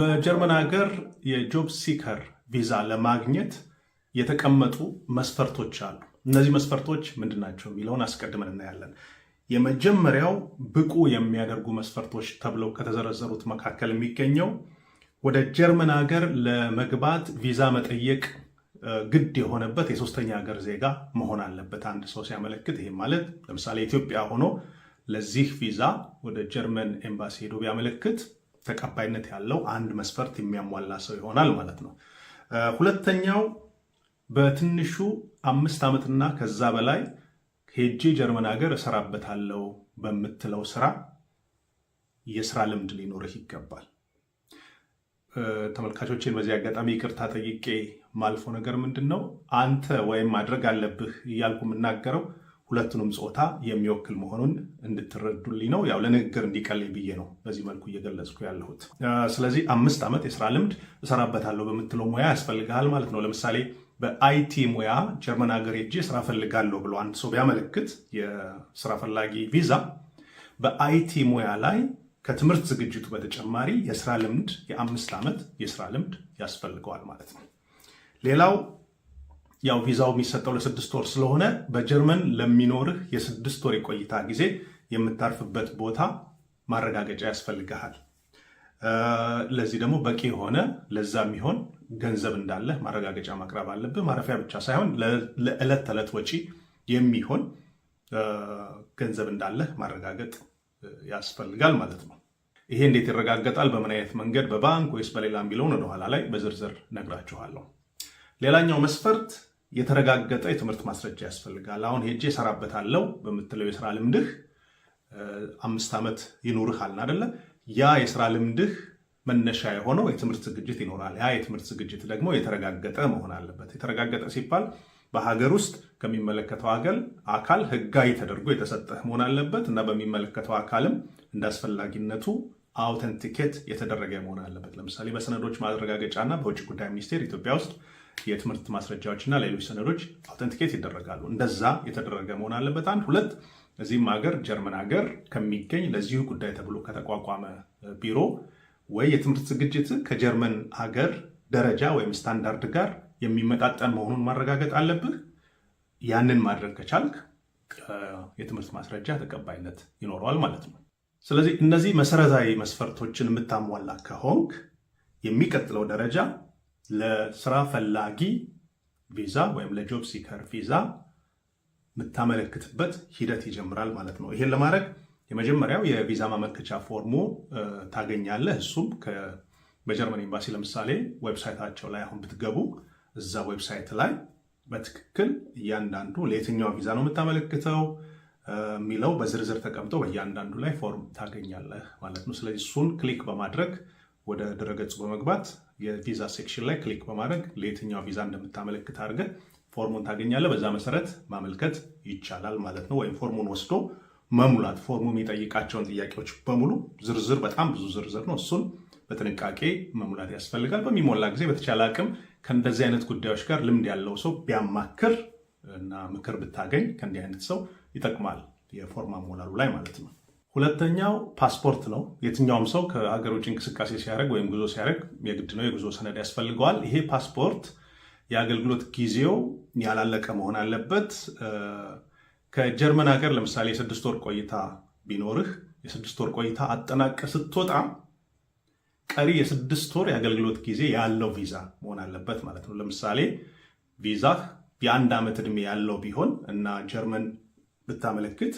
በጀርመን ሀገር የጆብ ሲከር ቪዛ ለማግኘት የተቀመጡ መስፈርቶች አሉ። እነዚህ መስፈርቶች ምንድን ናቸው የሚለውን አስቀድመን እናያለን። የመጀመሪያው ብቁ የሚያደርጉ መስፈርቶች ተብለው ከተዘረዘሩት መካከል የሚገኘው ወደ ጀርመን ሀገር ለመግባት ቪዛ መጠየቅ ግድ የሆነበት የሶስተኛ ሀገር ዜጋ መሆን አለበት አንድ ሰው ሲያመለክት። ይህም ማለት ለምሳሌ ኢትዮጵያ ሆኖ ለዚህ ቪዛ ወደ ጀርመን ኤምባሲ ሄዶ ቢያመለክት ተቀባይነት ያለው አንድ መስፈርት የሚያሟላ ሰው ይሆናል ማለት ነው። ሁለተኛው በትንሹ አምስት ዓመትና ከዛ በላይ ሄጄ ጀርመን ሀገር እሰራበታለሁ በምትለው ስራ የስራ ልምድ ሊኖርህ ይገባል። ተመልካቾችን በዚህ አጋጣሚ ይቅርታ ጠይቄ ማልፎ ነገር ምንድን ነው አንተ ወይም ማድረግ አለብህ እያልኩ የምናገረው ሁለቱንም ጾታ የሚወክል መሆኑን እንድትረዱልኝ ነው። ያው ለንግግር እንዲቀልኝ ብዬ ነው በዚህ መልኩ እየገለጽኩ ያለሁት። ስለዚህ አምስት ዓመት የስራ ልምድ እሰራበታለሁ በምትለው ሙያ ያስፈልግሃል ማለት ነው። ለምሳሌ በአይቲ ሙያ ጀርመን ሀገር ሄጄ ስራ ፈልጋለሁ ብሎ አንድ ሰው ቢያመለክት የስራ ፈላጊ ቪዛ በአይቲ ሙያ ላይ ከትምህርት ዝግጅቱ በተጨማሪ የስራ ልምድ የአምስት ዓመት የስራ ልምድ ያስፈልገዋል ማለት ነው። ሌላው ያው ቪዛው የሚሰጠው ለስድስት ወር ስለሆነ በጀርመን ለሚኖርህ የስድስት ወር የቆይታ ጊዜ የምታርፍበት ቦታ ማረጋገጫ ያስፈልግሃል። ለዚህ ደግሞ በቂ የሆነ ለዛ የሚሆን ገንዘብ እንዳለህ ማረጋገጫ ማቅረብ አለብህ። ማረፊያ ብቻ ሳይሆን ለዕለት ተዕለት ወጪ የሚሆን ገንዘብ እንዳለህ ማረጋገጥ ያስፈልጋል ማለት ነው። ይሄ እንዴት ይረጋገጣል? በምን አይነት መንገድ? በባንክ ወይስ በሌላ የሚለውን ወደኋላ ላይ በዝርዝር ነግራችኋለሁ። ሌላኛው መስፈርት የተረጋገጠ የትምህርት ማስረጃ ያስፈልጋል። አሁን ሄጄ እሰራበታለሁ በምትለው የስራ ልምድህ አምስት ዓመት ይኑርህ አልን አደለ? ያ የስራ ልምድህ መነሻ የሆነው የትምህርት ዝግጅት ይኖራል። ያ የትምህርት ዝግጅት ደግሞ የተረጋገጠ መሆን አለበት። የተረጋገጠ ሲባል በሀገር ውስጥ ከሚመለከተው አገል አካል ህጋዊ ተደርጎ የተሰጠህ መሆን አለበት እና በሚመለከተው አካልም እንደ አስፈላጊነቱ አውተንቲኬት የተደረገ መሆን አለበት። ለምሳሌ በሰነዶች ማረጋገጫ እና በውጭ ጉዳይ ሚኒስቴር ኢትዮጵያ ውስጥ የትምህርት ማስረጃዎችና ሌሎች ሰነዶች አውተንቲኬት ይደረጋሉ። እንደዛ የተደረገ መሆን አለበት። አንድ ሁለት እዚህም ሀገር ጀርመን ሀገር ከሚገኝ ለዚሁ ጉዳይ ተብሎ ከተቋቋመ ቢሮ ወይ የትምህርት ዝግጅት ከጀርመን ሀገር ደረጃ ወይም ስታንዳርድ ጋር የሚመጣጠን መሆኑን ማረጋገጥ አለብህ። ያንን ማድረግ ከቻልክ የትምህርት ማስረጃ ተቀባይነት ይኖረዋል ማለት ነው። ስለዚህ እነዚህ መሰረታዊ መስፈርቶችን የምታሟላ ከሆንክ የሚቀጥለው ደረጃ ለስራ ፈላጊ ቪዛ ወይም ለጆብ ሲከር ቪዛ የምታመለክትበት ሂደት ይጀምራል ማለት ነው። ይሄን ለማድረግ የመጀመሪያው የቪዛ ማመልከቻ ፎርሙ ታገኛለህ። እሱም በጀርመን ኤምባሲ ለምሳሌ ዌብሳይታቸው ላይ አሁን ብትገቡ እዛ ዌብሳይት ላይ በትክክል እያንዳንዱ ለየትኛው ቪዛ ነው የምታመለክተው የሚለው በዝርዝር ተቀምጦ በእያንዳንዱ ላይ ፎርም ታገኛለህ ማለት ነው። ስለዚህ እሱን ክሊክ በማድረግ ወደ ድረገጹ በመግባት የቪዛ ሴክሽን ላይ ክሊክ በማድረግ ለየትኛው ቪዛ እንደምታመለክት አድርገህ ፎርሙን ታገኛለህ። በዛ መሰረት ማመልከት ይቻላል ማለት ነው። ወይም ፎርሙን ወስዶ መሙላት ፎርሙ የሚጠይቃቸውን ጥያቄዎች በሙሉ ዝርዝር፣ በጣም ብዙ ዝርዝር ነው። እሱን በጥንቃቄ መሙላት ያስፈልጋል። በሚሞላ ጊዜ በተቻለ አቅም ከእንደዚህ አይነት ጉዳዮች ጋር ልምድ ያለው ሰው ቢያማክር እና ምክር ብታገኝ ከእንዲህ አይነት ሰው ይጠቅማል፣ የፎርም አሞላሉ ላይ ማለት ነው። ሁለተኛው ፓስፖርት ነው። የትኛውም ሰው ከሀገር ውጭ እንቅስቃሴ ሲያደርግ ወይም ጉዞ ሲያደርግ የግድ ነው የጉዞ ሰነድ ያስፈልገዋል። ይሄ ፓስፖርት የአገልግሎት ጊዜው ያላለቀ መሆን አለበት። ከጀርመን ሀገር ለምሳሌ የስድስት ወር ቆይታ ቢኖርህ የስድስት ወር ቆይታ አጠናቀ ስትወጣ ቀሪ የስድስት ወር የአገልግሎት ጊዜ ያለው ቪዛ መሆን አለበት ማለት ነው። ለምሳሌ ቪዛ የአንድ ዓመት ዕድሜ ያለው ቢሆን እና ጀርመን ብታመለክት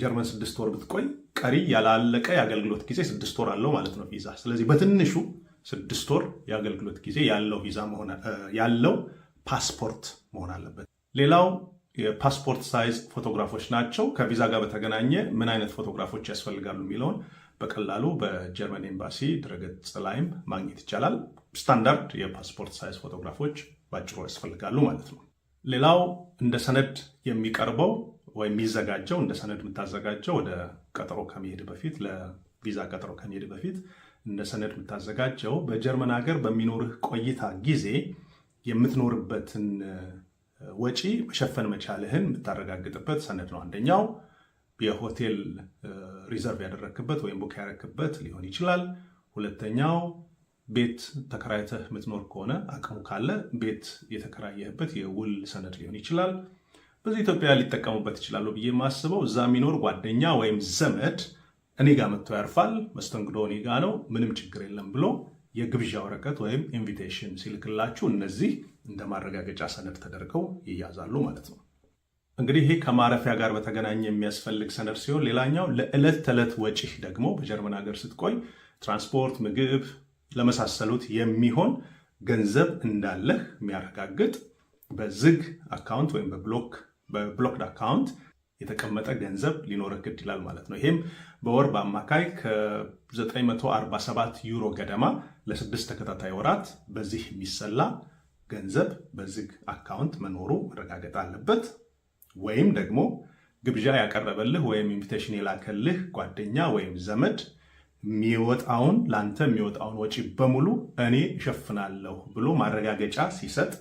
ጀርመን ስድስት ወር ብትቆይ ቀሪ ያላለቀ የአገልግሎት ጊዜ ስድስት ወር አለው ማለት ነው ቪዛ። ስለዚህ በትንሹ ስድስት ወር የአገልግሎት ጊዜ ያለው ቪዛ ያለው ፓስፖርት መሆን አለበት። ሌላው የፓስፖርት ሳይዝ ፎቶግራፎች ናቸው። ከቪዛ ጋር በተገናኘ ምን አይነት ፎቶግራፎች ያስፈልጋሉ የሚለውን በቀላሉ በጀርመን ኤምባሲ ድረገጽ ላይም ማግኘት ይቻላል። ስታንዳርድ የፓስፖርት ሳይዝ ፎቶግራፎች ባጭሩ ያስፈልጋሉ ማለት ነው። ሌላው እንደ ሰነድ የሚቀርበው ወይ የሚዘጋጀው እንደ ሰነድ የምታዘጋጀው ወደ ቀጠሮ ከመሄድ በፊት ለቪዛ ቀጠሮ ከመሄድ በፊት እንደ ሰነድ የምታዘጋጀው በጀርመን ሀገር በሚኖርህ ቆይታ ጊዜ የምትኖርበትን ወጪ መሸፈን መቻልህን የምታረጋግጥበት ሰነድ ነው። አንደኛው የሆቴል ሪዘርቭ ያደረክበት ወይም ቡክ ያደረክበት ሊሆን ይችላል። ሁለተኛው ቤት ተከራይተህ የምትኖር ከሆነ አቅሙ ካለ ቤት የተከራየህበት የውል ሰነድ ሊሆን ይችላል። በዚህ ኢትዮጵያ ሊጠቀሙበት ይችላሉ ብዬ የማስበው እዛ የሚኖር ጓደኛ ወይም ዘመድ እኔ ጋር መጥቶ ያርፋል፣ መስተንግዶ እኔ ጋ ነው፣ ምንም ችግር የለም ብሎ የግብዣ ወረቀት ወይም ኢንቪቴሽን ሲልክላችሁ እነዚህ እንደ ማረጋገጫ ሰነድ ተደርገው ይያዛሉ ማለት ነው። እንግዲህ ይህ ከማረፊያ ጋር በተገናኘ የሚያስፈልግ ሰነድ ሲሆን፣ ሌላኛው ለዕለት ተዕለት ወጪህ ደግሞ በጀርመን ሀገር ስትቆይ ትራንስፖርት፣ ምግብ ለመሳሰሉት የሚሆን ገንዘብ እንዳለህ የሚያረጋግጥ በዝግ አካውንት ወይም በብሎክ በብሎክድ አካውንት የተቀመጠ ገንዘብ ሊኖረ ግድ ይላል ማለት ነው። ይህም በወር በአማካይ ከ947 ዩሮ ገደማ ለስድስት ተከታታይ ወራት በዚህ የሚሰላ ገንዘብ በዝግ አካውንት መኖሩ መረጋገጥ አለበት። ወይም ደግሞ ግብዣ ያቀረበልህ ወይም ኢንቪቴሽን የላከልህ ጓደኛ ወይም ዘመድ የሚወጣውን ለአንተ የሚወጣውን ወጪ በሙሉ እኔ እሸፍናለሁ ብሎ ማረጋገጫ ሲሰጥ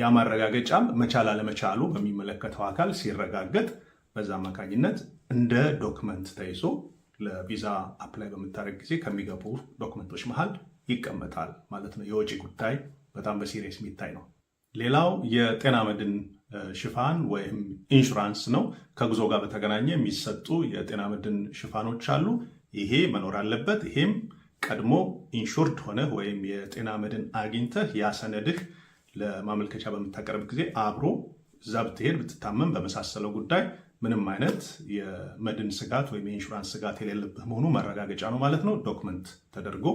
ያ ማረጋገጫም መቻል አለመቻሉ በሚመለከተው አካል ሲረጋገጥ በዛ አማካኝነት እንደ ዶክመንት ተይዞ ለቪዛ አፕላይ በምታደረግ ጊዜ ከሚገቡ ዶክመንቶች መሃል ይቀመጣል ማለት ነው። የወጪ ጉዳይ በጣም በሲሪየስ የሚታይ ነው። ሌላው የጤና መድን ሽፋን ወይም ኢንሹራንስ ነው። ከጉዞ ጋር በተገናኘ የሚሰጡ የጤና መድን ሽፋኖች አሉ። ይሄ መኖር አለበት። ይሄም ቀድሞ ኢንሹርድ ሆነህ ወይም የጤና መድን አግኝተህ ያሰነድህ ለማመልከቻ በምታቀርብ ጊዜ አብሮ እዛ ብትሄድ ብትታመም በመሳሰለው ጉዳይ ምንም አይነት የመድን ስጋት ወይም የኢንሹራንስ ስጋት የሌለብህ መሆኑ መረጋገጫ ነው ማለት ነው። ዶክመንት ተደርጎ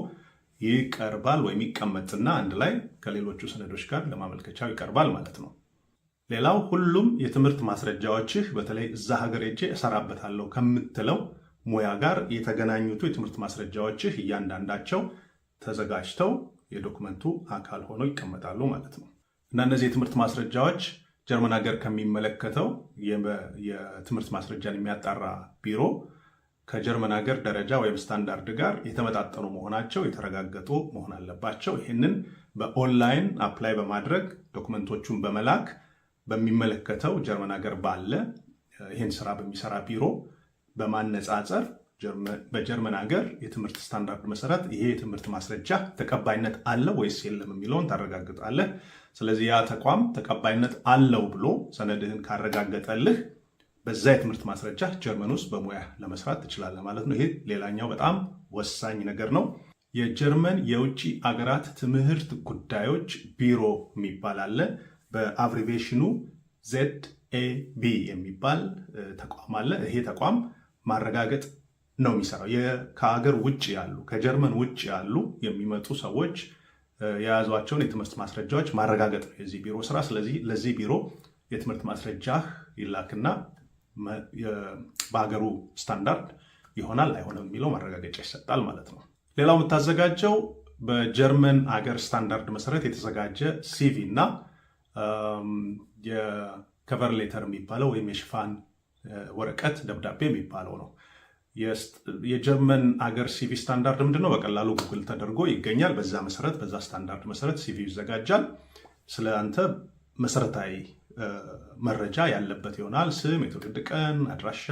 ይቀርባል ወይም ይቀመጥና አንድ ላይ ከሌሎቹ ሰነዶች ጋር ለማመልከቻው ይቀርባል ማለት ነው። ሌላው ሁሉም የትምህርት ማስረጃዎችህ በተለይ እዛ ሀገር ሄጄ እሰራበታለሁ ከምትለው ሙያ ጋር የተገናኙቱ የትምህርት ማስረጃዎችህ እያንዳንዳቸው ተዘጋጅተው የዶክመንቱ አካል ሆነው ይቀመጣሉ ማለት ነው። እና እነዚህ የትምህርት ማስረጃዎች ጀርመን ሀገር ከሚመለከተው የትምህርት ማስረጃን የሚያጣራ ቢሮ ከጀርመን ሀገር ደረጃ ወይም ስታንዳርድ ጋር የተመጣጠኑ መሆናቸው የተረጋገጡ መሆን አለባቸው። ይህንን በኦንላይን አፕላይ በማድረግ ዶክመንቶቹን በመላክ በሚመለከተው ጀርመን ሀገር ባለ ይህን ስራ በሚሰራ ቢሮ በማነጻጸር በጀርመን ሀገር የትምህርት ስታንዳርድ መሰረት ይሄ የትምህርት ማስረጃ ተቀባይነት አለው ወይስ የለም የሚለውን ታረጋግጣለህ። ስለዚህ ያ ተቋም ተቀባይነት አለው ብሎ ሰነድህን ካረጋገጠልህ በዛ የትምህርት ማስረጃ ጀርመን ውስጥ በሙያ ለመስራት ትችላለህ ማለት ነው። ይሄ ሌላኛው በጣም ወሳኝ ነገር ነው። የጀርመን የውጭ አገራት ትምህርት ጉዳዮች ቢሮ የሚባል አለ። በአብሪቬሽኑ ዜድ ኤ ቢ የሚባል ተቋም አለ። ይሄ ተቋም ማረጋገጥ ነው የሚሰራው። ከሀገር ውጭ ያሉ ከጀርመን ውጭ ያሉ የሚመጡ ሰዎች የያዟቸውን የትምህርት ማስረጃዎች ማረጋገጥ ነው የዚህ ቢሮ ስራ። ስለዚህ ለዚህ ቢሮ የትምህርት ማስረጃ ይላክና በሀገሩ ስታንዳርድ ይሆናል አይሆንም የሚለው ማረጋገጫ ይሰጣል ማለት ነው። ሌላው የምታዘጋጀው በጀርመን አገር ስታንዳርድ መሰረት የተዘጋጀ ሲቪ እና የከቨር ሌተር የሚባለው ወይም የሽፋን ወረቀት ደብዳቤ የሚባለው ነው። የጀርመን አገር ሲቪ ስታንዳርድ ምንድን ነው? በቀላሉ ጉግል ተደርጎ ይገኛል። በዛ መሰረት በዛ ስታንዳርድ መሰረት ሲቪ ይዘጋጃል። ስለ አንተ መሰረታዊ መረጃ ያለበት ይሆናል። ስም፣ የትውልድ ቀን፣ አድራሻ፣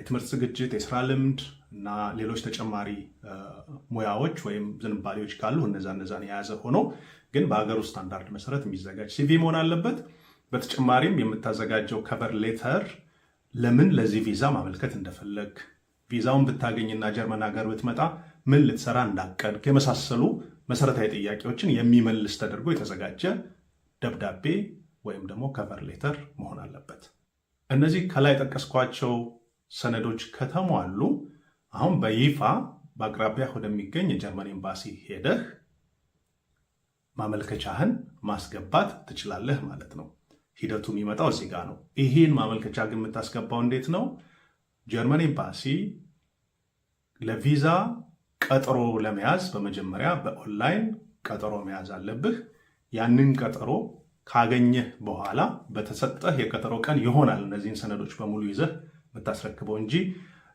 የትምህርት ዝግጅት፣ የስራ ልምድ እና ሌሎች ተጨማሪ ሙያዎች ወይም ዝንባሌዎች ካሉ እነዛ እነዛን የያዘ ሆኖ ግን በሀገሩ ስታንዳርድ መሰረት የሚዘጋጅ ሲቪ መሆን አለበት። በተጨማሪም የምታዘጋጀው ከቨር ሌተር ለምን ለዚህ ቪዛ ማመልከት እንደፈለግ ቪዛውን ብታገኝና ጀርመን ሀገር ብትመጣ ምን ልትሰራ እንዳቀድክ የመሳሰሉ መሰረታዊ ጥያቄዎችን የሚመልስ ተደርጎ የተዘጋጀ ደብዳቤ ወይም ደግሞ ከቨር ሌተር መሆን አለበት። እነዚህ ከላይ የጠቀስኳቸው ሰነዶች ከተሟሉ አሁን በይፋ በአቅራቢያ ወደሚገኝ የጀርመን ኤምባሲ ሄደህ ማመልከቻህን ማስገባት ትችላለህ ማለት ነው። ሂደቱ የሚመጣው እዚህ ጋር ነው። ይህን ማመልከቻ ግን የምታስገባው እንዴት ነው? ጀርመን ኤምባሲ ለቪዛ ቀጠሮ ለመያዝ በመጀመሪያ በኦንላይን ቀጠሮ መያዝ አለብህ። ያንን ቀጠሮ ካገኘህ በኋላ በተሰጠህ የቀጠሮ ቀን ይሆናል እነዚህን ሰነዶች በሙሉ ይዘህ የምታስረክበው እንጂ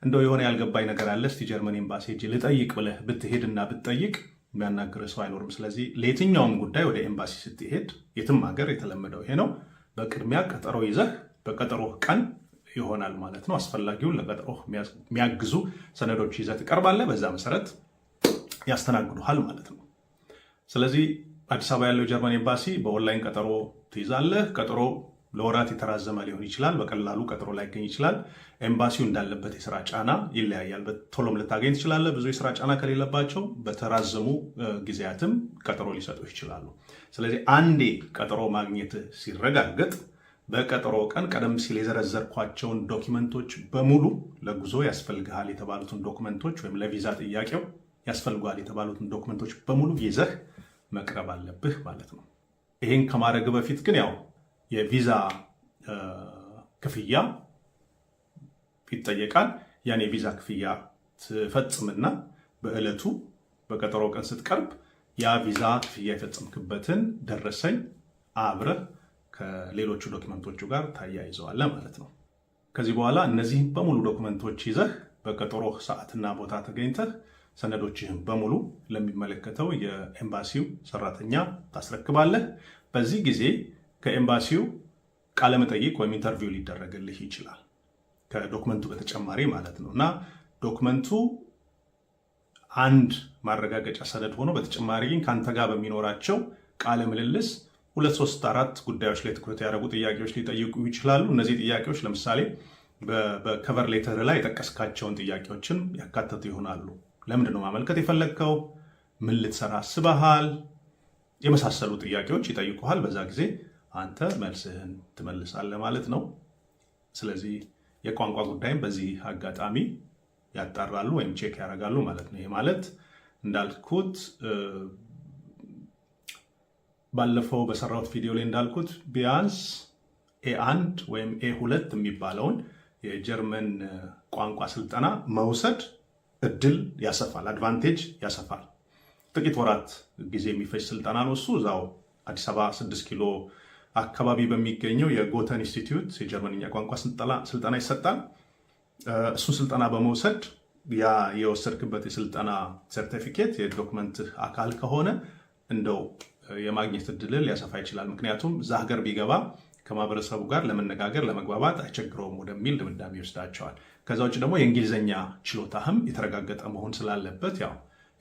እንደው የሆነ ያልገባኝ ነገር አለ እስቲ ጀርመን ኤምባሲ ሂጅ ልጠይቅ ብለህ ብትሄድና ብትጠይቅ የሚያናግርህ ሰው አይኖርም። ስለዚህ ለየትኛውም ጉዳይ ወደ ኤምባሲ ስትሄድ የትም ሀገር የተለመደው ይሄ ነው። በቅድሚያ ቀጠሮ ይዘህ በቀጠሮ ቀን ይሆናል ማለት ነው። አስፈላጊውን ለቀጠሮ የሚያግዙ ሰነዶች ይዘህ ትቀርባለህ። በዛ መሰረት ያስተናግዱሃል ማለት ነው። ስለዚህ አዲስ አበባ ያለው ጀርመን ኤምባሲ በኦንላይን ቀጠሮ ትይዛለህ። ቀጠሮ ለወራት የተራዘመ ሊሆን ይችላል። በቀላሉ ቀጥሮ ላይገኝ ይችላል። ኤምባሲው እንዳለበት የስራ ጫና ይለያያል። በቶሎም ልታገኝ ትችላለህ። ብዙ የስራ ጫና ከሌለባቸው በተራዘሙ ጊዜያትም ቀጠሮ ሊሰጡ ይችላሉ። ስለዚህ አንዴ ቀጠሮ ማግኘት ሲረጋገጥ በቀጠሮ ቀን ቀደም ሲል የዘረዘርኳቸውን ዶኪመንቶች በሙሉ ለጉዞ ያስፈልግሃል የተባሉትን ዶክመንቶች ወይም ለቪዛ ጥያቄው ያስፈልጓል የተባሉትን ዶክመንቶች በሙሉ ይዘህ መቅረብ አለብህ ማለት ነው። ይህን ከማድረግ በፊት ግን ያው የቪዛ ክፍያ ይጠየቃል። ያን የቪዛ ክፍያ ትፈጽምና በዕለቱ በቀጠሮ ቀን ስትቀርብ ያ ቪዛ ክፍያ የፈጸምክበትን ደረሰኝ አብረህ ከሌሎቹ ዶክመንቶቹ ጋር ታያይዘዋለህ ማለት ነው። ከዚህ በኋላ እነዚህ በሙሉ ዶክመንቶች ይዘህ በቀጠሮ ሰዓትና ቦታ ተገኝተህ ሰነዶችህን በሙሉ ለሚመለከተው የኤምባሲው ሰራተኛ ታስረክባለህ። በዚህ ጊዜ ከኤምባሲው ቃለመጠይቅ ወይም ኢንተርቪው ሊደረግልህ ይችላል። ከዶክመንቱ በተጨማሪ ማለት ነው እና ዶክመንቱ አንድ ማረጋገጫ ሰነድ ሆኖ በተጨማሪ ግን ከአንተ ጋር በሚኖራቸው ቃለ ምልልስ ሁለት ሶስት አራት ጉዳዮች ላይ ትኩረት ያደረጉ ጥያቄዎች ሊጠይቁ ይችላሉ። እነዚህ ጥያቄዎች ለምሳሌ በከቨር ሌተር ላይ የጠቀስካቸውን ጥያቄዎችን ያካተቱ ይሆናሉ። ለምንድን ነው ማመልከት የፈለግከው? ምን ልትሰራ አስበሃል? የመሳሰሉ ጥያቄዎች ይጠይቁሃል። በዛ ጊዜ አንተ መልስህን ትመልሳለህ ማለት ነው። ስለዚህ የቋንቋ ጉዳይም በዚህ አጋጣሚ ያጣራሉ ወይም ቼክ ያደርጋሉ ማለት ነው። ይሄ ማለት እንዳልኩት ባለፈው በሰራሁት ቪዲዮ ላይ እንዳልኩት ቢያንስ ኤ አንድ ወይም ኤ ሁለት የሚባለውን የጀርመን ቋንቋ ስልጠና መውሰድ እድል ያሰፋል፣ አድቫንቴጅ ያሰፋል። ጥቂት ወራት ጊዜ የሚፈጅ ስልጠና ነው እሱ እዛው አዲስ አበባ ስድስት ኪሎ አካባቢ በሚገኘው የጎተን ኢንስቲትዩት የጀርመንኛ ቋንቋ ስልጠና ይሰጣል። እሱን ስልጠና በመውሰድ ያ የወሰድክበት የስልጠና ሰርቲፊኬት የዶክመንት አካል ከሆነ እንደው የማግኘት እድልን ሊያሰፋ ይችላል። ምክንያቱም እዛ ሀገር ቢገባ ከማህበረሰቡ ጋር ለመነጋገር ለመግባባት አይቸግረውም ወደሚል ድምዳሜ ይወስዳቸዋል። ከዛ ውጭ ደግሞ የእንግሊዝኛ ችሎታህም የተረጋገጠ መሆን ስላለበት ያው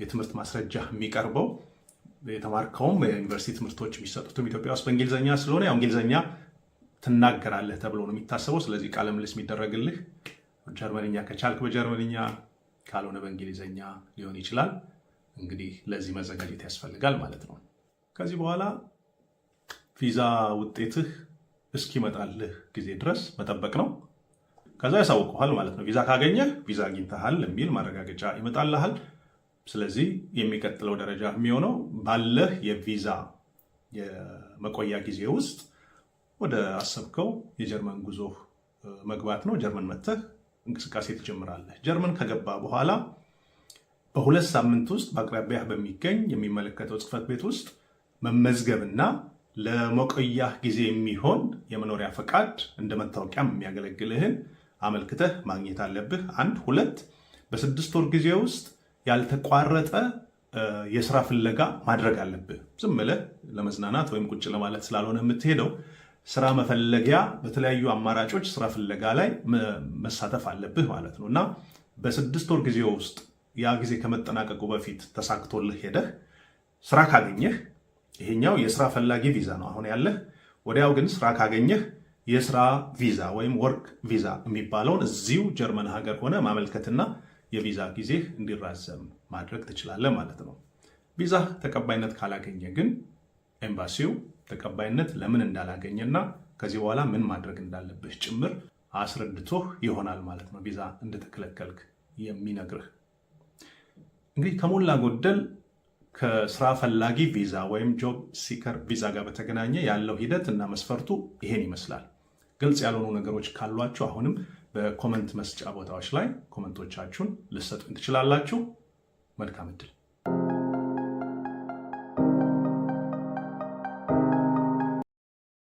የትምህርት ማስረጃ የሚቀርበው የተማርከውም የዩኒቨርሲቲ ትምህርቶች የሚሰጡትም ኢትዮጵያ ውስጥ በእንግሊዝኛ ስለሆነ ያው እንግሊዝኛ ትናገራለህ ተብሎ ነው የሚታሰበው። ስለዚህ ቃለ ምልልስ የሚደረግልህ ጀርመንኛ ከቻልክ በጀርመንኛ ካልሆነ በእንግሊዝኛ ሊሆን ይችላል። እንግዲህ ለዚህ መዘጋጀት ያስፈልጋል ማለት ነው። ከዚህ በኋላ ቪዛ ውጤትህ እስኪመጣልህ ጊዜ ድረስ መጠበቅ ነው። ከዛ ያሳውቀዋል ማለት ነው። ቪዛ ካገኘህ ቪዛ አግኝተሃል የሚል ማረጋገጫ ይመጣልሃል። ስለዚህ የሚቀጥለው ደረጃ የሚሆነው ባለህ የቪዛ የመቆያ ጊዜ ውስጥ ወደ አሰብከው የጀርመን ጉዞ መግባት ነው። ጀርመን መጥተህ እንቅስቃሴ ትጀምራለህ። ጀርመን ከገባ በኋላ በሁለት ሳምንት ውስጥ በአቅራቢያ በሚገኝ የሚመለከተው ጽህፈት ቤት ውስጥ መመዝገብና ለመቆያህ ጊዜ የሚሆን የመኖሪያ ፈቃድ እንደ መታወቂያም የሚያገለግልህን አመልክተህ ማግኘት አለብህ። አንድ ሁለት በስድስት ወር ጊዜ ውስጥ ያልተቋረጠ የስራ ፍለጋ ማድረግ አለብህ። ዝም ብለህ ለመዝናናት ወይም ቁጭ ለማለት ስላልሆነ የምትሄደው ስራ መፈለጊያ በተለያዩ አማራጮች ስራ ፍለጋ ላይ መሳተፍ አለብህ ማለት ነው እና በስድስት ወር ጊዜ ውስጥ ያ ጊዜ ከመጠናቀቁ በፊት ተሳክቶልህ ሄደህ ስራ ካገኘህ ይሄኛው የስራ ፈላጊ ቪዛ ነው አሁን ያለህ። ወዲያው ግን ስራ ካገኘህ የስራ ቪዛ ወይም ወርክ ቪዛ የሚባለውን እዚሁ ጀርመን ሀገር ሆነ ማመልከትና የቪዛ ጊዜህ እንዲራዘም ማድረግ ትችላለህ ማለት ነው። ቪዛ ተቀባይነት ካላገኘ ግን ኤምባሲው ተቀባይነት ለምን እንዳላገኘና ከዚህ በኋላ ምን ማድረግ እንዳለብህ ጭምር አስረድቶህ ይሆናል ማለት ነው። ቪዛ እንደተከለከልክ የሚነግርህ እንግዲህ ከሞላ ጎደል ከስራ ፈላጊ ቪዛ ወይም ጆብ ሲከር ቪዛ ጋር በተገናኘ ያለው ሂደት እና መስፈርቱ ይሄን ይመስላል። ግልጽ ያልሆኑ ነገሮች ካሏችሁ አሁንም በኮመንት መስጫ ቦታዎች ላይ ኮመንቶቻችሁን ልሰጡኝ ትችላላችሁ። መልካም እድል